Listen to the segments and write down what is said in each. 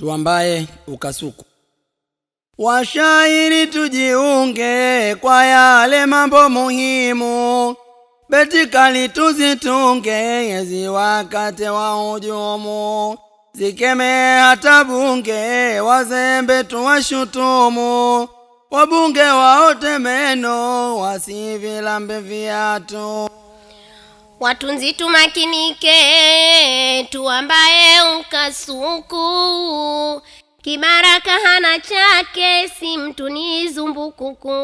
tuambaye ukasuku washairi tujiunge kwa yale mambo muhimu betikali tuzitunge ziwakate wahujumu zikeme hata bunge wazembe tuwashutumu wabunge waote meno wasivilambe viatu Watunzi tumakinike, tuambaye ukasuku kibaraka hana chake, si mtu ni zumbukuku,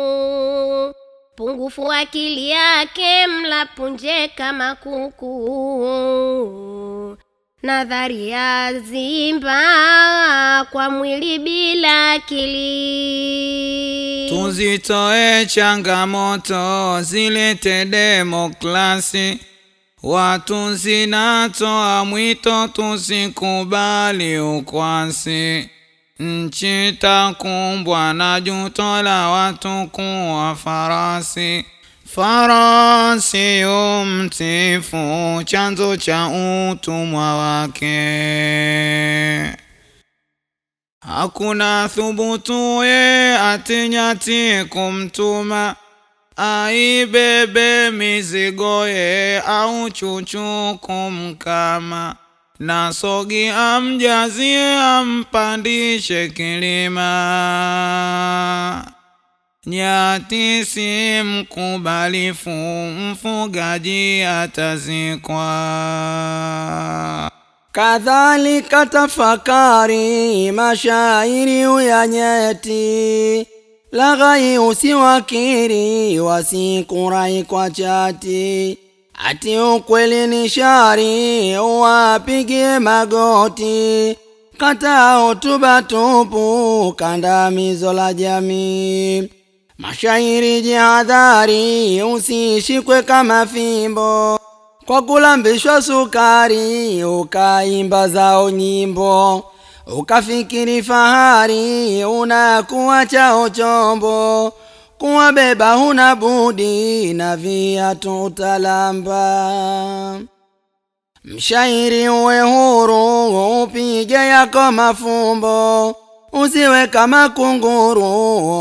pungufu akili yake, mlapunje kama kuku. ya zimba kwa mwili bila akili. Tuzitoe changamoto, zilete demokrasi Watu zinatoa mwito, tusikubali ukwasi. Nchi takumbwa na juto la watu kuwa farasi. Farasi yu mtifu, chanzo cha utumwa wake. Hakuna thubutuye atinyati kumtuma aibebe mizigo ye au chuchu kumkama na sogi amjazie ampandishe kilima. Nyati si mkubalifu, mfugaji atazikwa. Kadhalika tafakari mashairi uya nyeti laghai usiwakiri wasikurai kwa chati ati ukweli ni shari uwapige magoti kata hotuba tupu kandamizo la jamii mashairi jihadhari usishikwe kama fimbo kwa kulambishwa sukari ukaimba zao nyimbo ukafikiri fahari kuwa chao chombo, kuwabeba huna budi na viatu utalamba. Mshairi uwe huru, upige yako mafumbo, usiwe kama kunguru,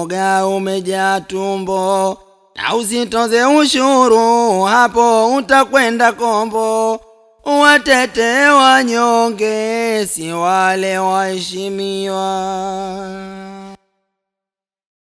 oga umejaa tumbo, na usitoze ushuru, hapo utakwenda kombo watetee wanyonge, si wale waheshimiwa.